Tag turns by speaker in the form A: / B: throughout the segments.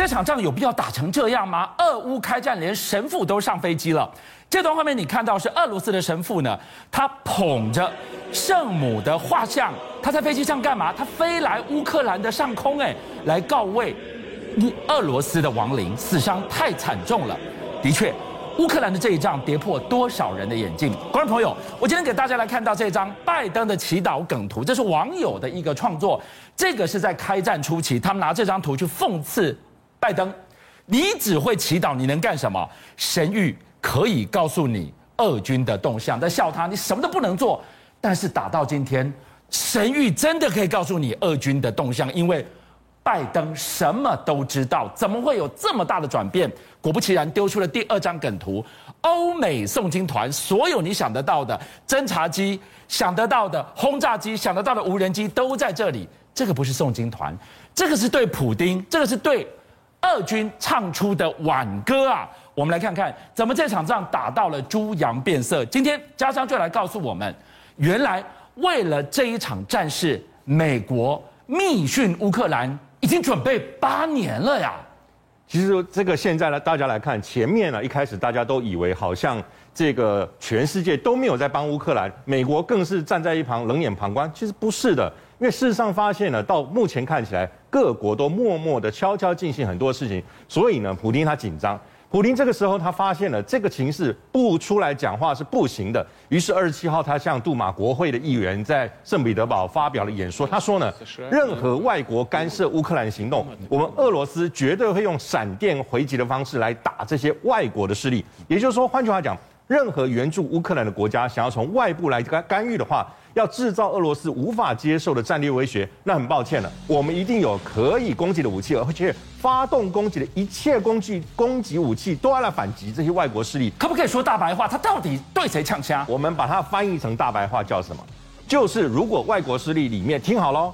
A: 這場仗有必要打成這樣嗎？俄烏開戰，連神父都上飛機了。這段畫面你看到是俄羅斯的神父呢，他捧着聖母的畫像，他在飛機上幹嘛？他飛來烏克蘭的上空，哎，來告慰烏俄羅斯的亡靈，死傷太慘重了。的確，烏克蘭的這一仗跌破多少人的眼鏡。觀眾朋友，我今天給大家來看到這張拜登的祈禱梗圖，這是網友的一個創作。這個是在開戰初期，他們拿這張圖去諷刺。拜登，你只會祈禱，你能幹什麼？神諭可以告訴你俄軍的動向，在笑他，你什麼都不能做。但是打到今天，神諭真的可以告訴你俄軍的動向，因為拜登什麼都知道，怎麼會有這麼大的轉變？果不其然，丟出了第二張梗圖：歐美送金團，所有你想得到的偵察機、想得到的轟炸機、想得到的無人機都在這裡。這個不是送金團，這個是對普丁，這個是對。俄軍唱出的挽歌啊，我們來看看怎麼這場仗打到了豬羊變色。今天佳璋就來告訴我們，原來為了這一場戰
B: 事，美國密訓烏克蘭已經準備八年了呀。其實這個現在呢，大家來看前面呢，一開始大家都以為好像這個全世界都沒有在幫烏克蘭，美國更是站在一旁冷眼旁觀。其實不是的。因為事實上發現呢，到目前看起來，各國都默默的、悄悄進行很多事情，所以呢，普丁他緊張。普丁這個時候他發現了這個情勢，不出來講話是不行的。於是二十七號，他向杜馬國會的議員在聖彼得堡發表了演說。他說呢，任何外國干涉烏克蘭行動，我們俄羅斯絕對會用閃電回擊的方式來打這些外國的勢力。也就是說，換句話講，任何援助烏克蘭的國家想要從外部來干干預的話，要製造俄羅斯無法接受的戰略威脅，那很抱歉了，我們一定有可以攻擊的武器，而且發動攻擊的一切工具、攻擊武器都要來反擊這些外國勢力。可不可以說大白話？他到底對誰嗆聲？我們把它翻譯成大白話叫什麼？就是如果外國勢力裡面聽好嘍，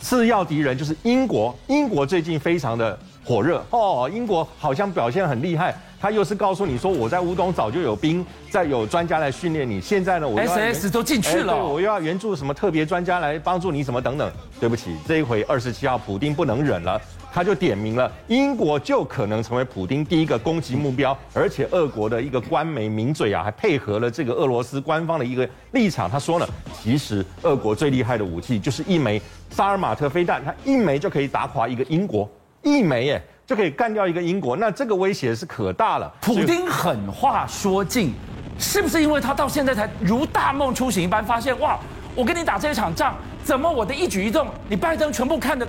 B: 次要敵人就是英國，英國最近非常的，火熱哦，英國好像表現很厲害。他又是告訴你說，我在烏東早就有兵，在有專家來訓練你。現在呢，我要 SAS 都進去了，欸，我又要援助什麼特別專家來幫助你，什麼等等。對不起，這一回二十七號普丁不能忍了，他就點名了，英國就可能成為普丁第一個攻擊目標。而且，俄國的一個官媒名嘴啊，還配合了這個俄羅斯官方的一個立場，他說呢，其實俄國最厲害的武器就是一枚薩爾馬特飛彈，它一枚就可以打垮一個英國。一枚誒就可以干掉一個英國，那這個威脅是可大了。普丁狠話說盡，
A: 是不是因為他到現在才如大夢初醒一般，發現哇，我跟你打這一場仗，
B: 怎麼我的一舉一動，你拜登全部看的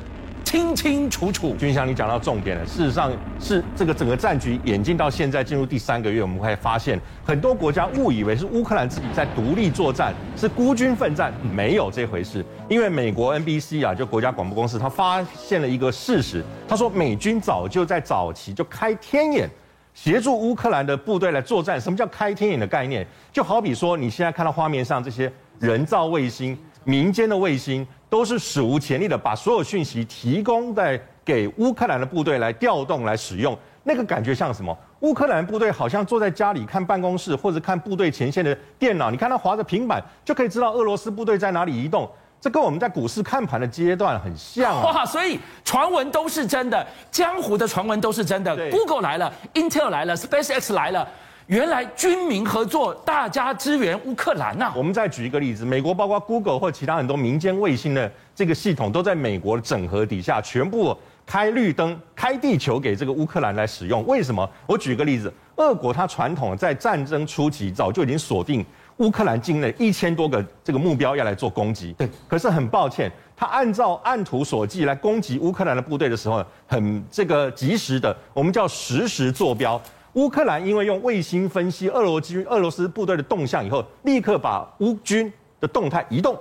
B: 清清楚楚，俊相，你講到重點了。事實上，是這個整個戰局演進到現在進入第三個月，我們會發現很多國家誤以為是烏克蘭自己在獨立作戰，是孤軍奮戰，沒有這回事。因為美國 NBC 啊，就國家廣播公司，他發現了一個事實，他說美軍早就在早期就開天眼，協助烏克蘭的部隊來作戰。什麼叫開天眼的概念？就好比說，你現在看到畫面上這些人造衛星、民間的衛星。都是史無前例的，把所有訊息提供在給烏克蘭的部隊來調動、來使用。那個感覺像什麼？烏克蘭部隊好像坐在家裡看辦公室或者看部隊前線的電腦，你看他滑着平板就可以知道俄羅斯部隊在哪裡移動。這跟我們在股市看盤的階段很
A: 像啊！所以傳聞都是真的，江湖的傳聞都是真的。Google 來了，Intel 來了，SpaceX 來了。原來軍民合
B: 作，大家支援烏克蘭吶、啊。我們再舉一個例子，美國包括 Google 或其他很多民間衛星的這個系統，都在美國整合底下，全部開綠燈，開地球給這個烏克蘭來使用。為什麼？我舉個例子，俄國它傳統在戰爭初期早就已經鎖定烏克蘭境內一千多個這個目標要來做攻擊。對。可是很抱歉，它按照按圖索驥來攻擊烏克蘭的部隊的時候，很這個及時的，我們叫實時座標。烏克蘭因為用衛星分析俄羅軍、俄羅斯部隊的動向以後，立刻把烏軍的動態移動。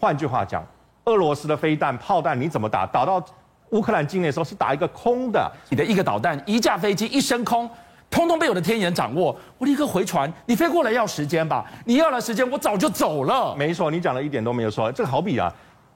B: 換句話講，俄羅斯的飛彈炮彈你怎麼打，打到烏克蘭境內的時候是打一個空的。你的一個導彈、一架飛機一升空，通通被我的天眼掌握，我立刻回傳。你飛過來要時間吧，你要了時間我早就走了。沒錯，你講的一點都沒有錯。這個好比啊。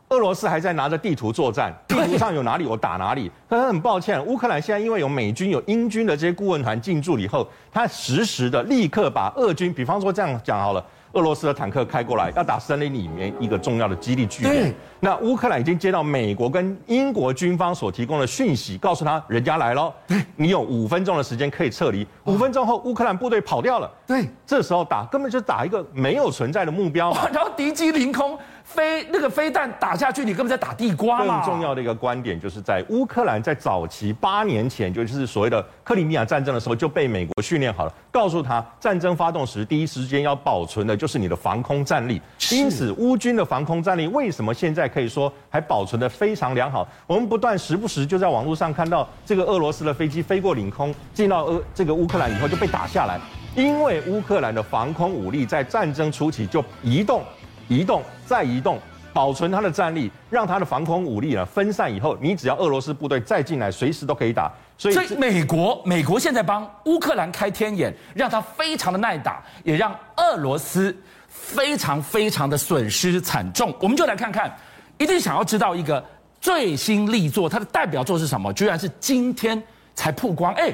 B: 俄羅斯還在拿着地圖作戰，地圖上有哪裡我打哪裡。對可是很抱歉，烏克蘭現在因為有美軍、有英軍的這些顧問團進駐以後，他實時的立刻把俄軍，比方說這樣講好了，俄羅斯的坦克開過來要打森林裡面一個重要的基地據點。對那烏克蘭已經接到美國跟英國軍方所提供的訊息，告訴他人家來嘍，對你有五分鐘的時間可以撤離。五分鐘後，烏克蘭部隊跑掉了。對，這時候打根本就打一個沒有存在的目標，然
A: 後敵機凌空。飛那個飛彈
B: 打下去，你根本在打地瓜嘛。更重要的一個觀點，就是在烏克蘭在早期八年前，就是所謂的克里米亞戰爭的時候，就被美國訓練好了，告訴他戰爭發動時第一時間要保存的就是你的防空戰力。因此，烏軍的防空戰力為什麼現在可以說還保存得非常良好？我們不斷時不時就在網絡上看到這個俄羅斯的飛機飛過領空，進到呃這個烏克蘭以後就被打下來，因為烏克蘭的防空武力在戰爭初期就移動。移動再移動，保存他的戰力，讓他的防空武力啊分散以後，你只要俄羅斯部隊再進來，隨時都可以打。所以，所以美國美國現在幫烏克蘭開天眼，讓他非常的耐打，也
A: 讓俄羅斯非常非常的損失慘重。我們就來看看，一定想要知道一個最新力作，他的代表作是什麼？居然是今天
B: 才曝光，哎。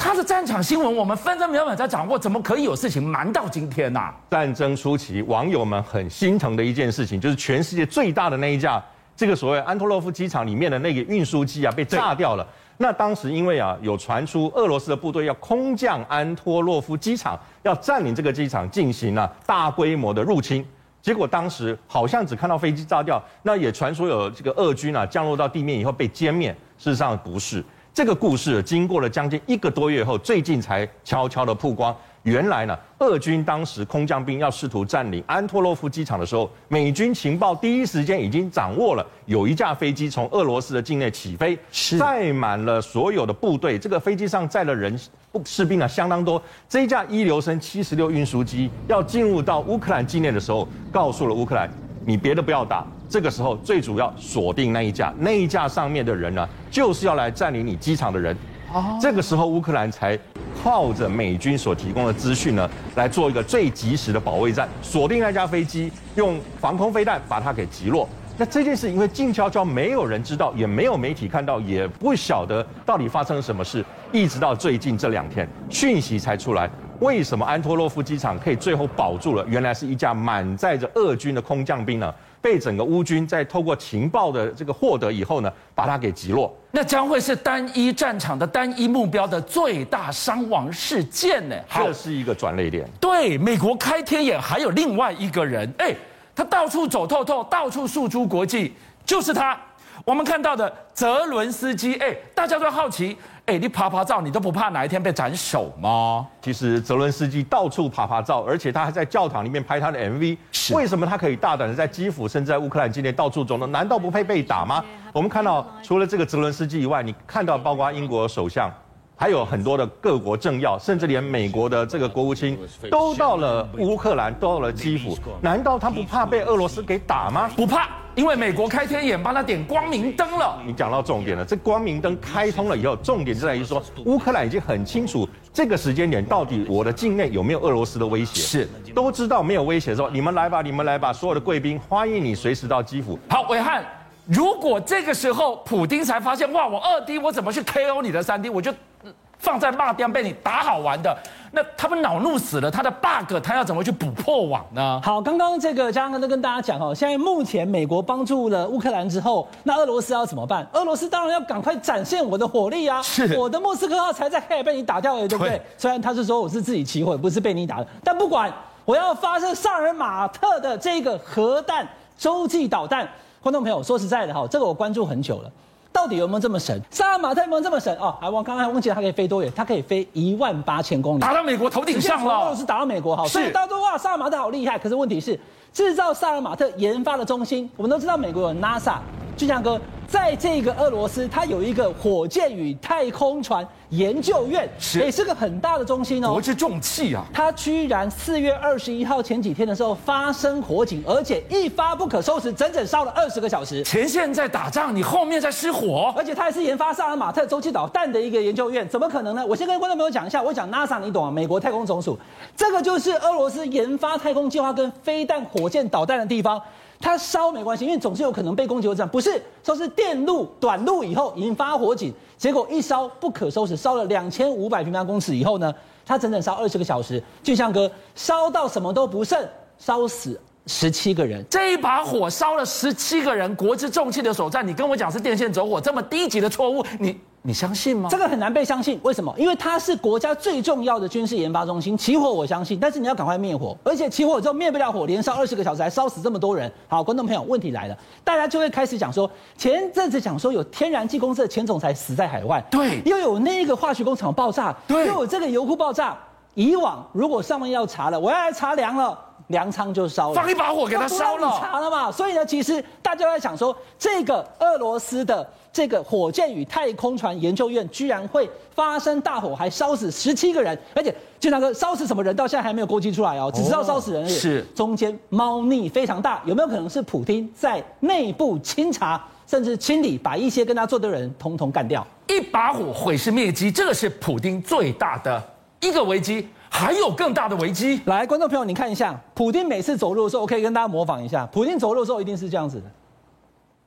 B: 他的戰場新聞，我們分分秒秒在掌握，怎麼可以有事情瞞到今天呢、啊？戰爭初期，網友們很心疼的一件事情，就是全世界最大的那一架，這個所謂安托諾夫機場裡面的那個運輸機啊，被炸掉了。對那當時因為啊，有傳出俄羅斯的部隊要空降安托諾夫機場，要佔領這個機場，進行了大規模的入侵。結果當時好像只看到飛機炸掉，那也傳說有這個俄軍啊降落到地面以後被殲滅，事實上不是。這個故事經過了將近一個多月後，最近才悄悄地曝光。原來呢，俄軍當時空降兵要試圖佔領安托諾夫機場的時候，美軍情報第一時間已經掌握了，有一架飛機從俄羅斯的境內起飛，是，載滿了所有的部隊。這個飛機上載的人士兵啊相當多。這一架伊留申七十六運輸機要進入到烏克蘭境內的時候，告訴了烏克蘭，你別的不要打。這個時候，最主要鎖定那一架，那一架上面的人呢，就是要來佔領你機場的人。哦，這個時候烏克蘭才靠着美軍所提供的資訊呢，來做一個最及時的保衛戰，鎖定那架飛機，用防空飛彈把它給擊落。那這件事因為靜悄悄，沒有人知道，也沒有媒體看到，也不曉得到底發生了什麼事，一直到最近這兩天，訊息才出來。為什麼安托諾夫機場可以最後保住了？原來是一架滿載着俄軍的空降兵呢，被整個烏軍在透過情報的這個獲得以後呢，把它給擊落。那將會是單一戰場的單一目標的最大傷亡事件呢？這是一個轉捩點。
A: 對，美國開天眼還有另外一個人，哎，他到處走透透，到處訴諸國際，就是他。我們看到的澤倫斯基，哎，大家都要好奇，
B: 哎，你拍拍照，你都不怕哪一天被斬首嗎？其實澤倫斯基到處拍拍照，而且他還在教堂裡面拍他的 MV，是為什麼他可以大膽的在基輔，甚至在烏克蘭境內到處走呢？難道不配被打嗎？我們看到，除了這個澤倫斯基以外，你看到包括英國首相，還有很多的各國政要，甚至連美國的這個國務卿都到了烏克蘭，都到了基輔，難道他不怕被俄羅斯給打嗎？不怕。因為美國開天眼幫他點光明燈了，你講到重點了。這光明燈開通了以後，重點就在於說，烏克蘭已經很清楚這個時間點到底我的境內有沒有俄羅斯的威脅，是都知道沒有威脅的時候，你們來吧，你們來吧，所有的貴賓，歡迎你隨時到基輔。
A: 好，暐瀚，如果這個時候普丁才發現，哇，我二 D，我怎麼去 KO 你的三 D？我就放在那邊被你打好玩的。那他們惱怒死了，他的 bug 他要怎麼去補破網
C: 呢？好，剛剛這個佳璋哥都跟大家講哦，現在目前美國幫助了烏克蘭之後，那俄羅斯要怎麼辦？俄羅斯當然要趕快展現我的火力啊！是，我的莫斯科號才在黑海被你打掉了對，對不對？雖然他是說我是自己起火，不是被你打的，但不管，我要發射薩爾馬特的這個核彈洲際導彈。觀眾朋友，說實在的哈，這個我關注很久了。到底有沒有這麼神？薩爾馬特有沒有這麼神？哦，還忘剛剛還忘記了它，可以飛多遠？它可以飛一萬八千公里，打到美國頭頂上了。俄羅斯打到美國，好，所以大家都哇，薩爾馬特好厲害。是可是問題是，制造薩爾馬特研发的中心，我們都知道美國有 NASA。俊相哥，在這個俄羅斯，它有一個火箭與太空船。研究院，是也是個很大的中心哦，國之重器啊！它居然四月二十一號，前幾天的時候發生火警，而且一發不可收拾，整整燒了二十個小時。前線在打仗，你後面在失火，而且它還是研發薩爾馬特洲際導彈的一個研究院，怎麼可能呢？我先跟觀眾朋友講一下，我講 NASA，你懂啊？美國太空總署，這個就是俄羅斯研發太空計劃跟飛彈、火箭、導彈的地方。它燒沒關係，因為總是有可能被攻擊的，不是說是電路短路以後引發火警。結果一燒不可收拾，燒了兩千五百平方公尺以後呢，它整整燒二十個小時。俊相哥
A: 燒到什麼都不剩，燒
C: 死十七個人。
A: 這一把火燒了十七個人，國之重器的所在。你跟我講是電線走火這麼低級的錯誤，你？你相信嗎？這個
C: 很難被相信，為什麼？因為它是國家最重要的軍事研發中心，起火我相信，但是你要趕快滅火，而且起火之後滅不了火，連燒二十個小時，還燒死這麼多人。好，觀眾朋友，問題來了，大家就會開始講說，前陣子講說有天然氣公司的前總裁死在海外，對，又有那個化學工廠爆炸，對，又有這個油庫爆炸，以往如果上面要查了，我要來查糧了。糧倉就燒了，放一把火給他燒了，查了嘛。所以呢，其實大家在想說，這個俄羅斯的這個火箭與太空船研究院居然會發生大火，還燒死十七個人，而且經常說燒死什麼人，到現在還沒有勾稽出來哦，只知道燒死人而已，哦、是中間貓膩非常大，有沒有可能是普丁在內部清查，甚至清理，把一些跟他作對的人通通幹掉，
A: 一把火毀屍滅迹，這個是普丁最大的一個危機，還有更大的危機！來，
C: 觀眾朋友，你看一下，普丁每次走路的時候，我可以跟大家模仿一下。普丁走路的時候一定是這樣子的，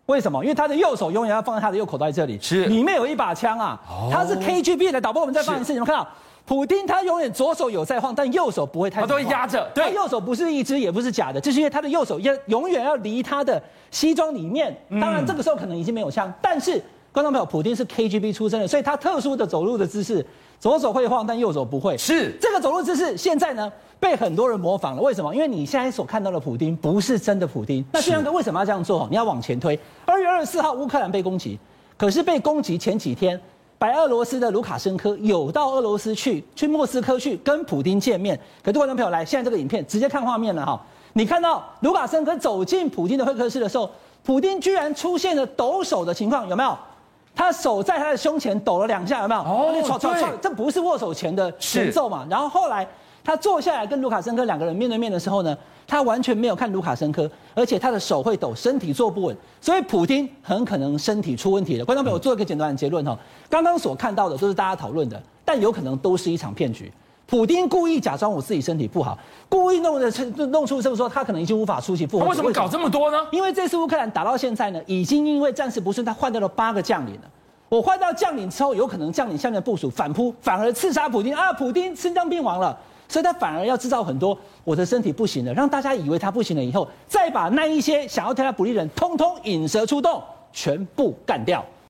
C: 為什麼？因為他的右手永遠要放在他的右口袋這裡，是裡面有一把槍啊。Oh, 他是 KGB 的，導播我們再放一次，你們是看到普丁他永遠左手有在晃，但右手不會太，他都會壓着。對，他右手不是一只，也不是假的，就是因為他的右手要永遠要離他的西裝裡面。嗯、當然，這個時候可能已經沒有槍，但是。觀眾朋友，普丁是 K G B 出身的，所以他特殊的走路的姿勢，左手會晃，但右手不會。是，這個走路姿勢，現在呢被很多人模仿了。為什麼？因為你現在所看到的普丁不是真的普丁。那俊相哥為什麼要這樣做？你要往前推。二月二十四號，烏克蘭被攻擊，可是被攻擊前幾天，白俄羅斯的盧卡申科有到俄羅斯去，去莫斯科去跟普丁見面。可是，觀眾朋友，來，現在這個影片直接看畫面了哈、哦。你看到盧卡申科走進普丁的會客室的時候，普丁居然出現了抖手的情況，有沒有？他手在他的胸前抖了兩下，有沒有？哦，你吵吵吵對，這不是握手前的前奏嘛。是然後後來他坐下來跟盧卡申科兩個人面對面的時候呢，他完全沒有看盧卡申科，而且他的手會抖，身體坐不穩，所以普丁很可能身體出問題了。觀眾朋友，我做一個簡單的結論哈，剛剛所看到的都是大家討論的，但有可能都是一場騙局。普丁故意假裝我自己身體不好，故意弄的弄出聲說他可能已經無法出席。為什麼搞這麼多呢？因為這次烏克蘭打到現在呢，已經因為戰事不順，他換掉了八個將領了。我換到將領之後，有可能將領下面部署反撲，反而刺殺普丁。啊！普丁心臟病亡了，所以他反而要制造很多我的身體不行了，讓大家以為他不行了以後，再把那一些想要對他不利的人，通通
A: 引蛇出洞，全部幹掉。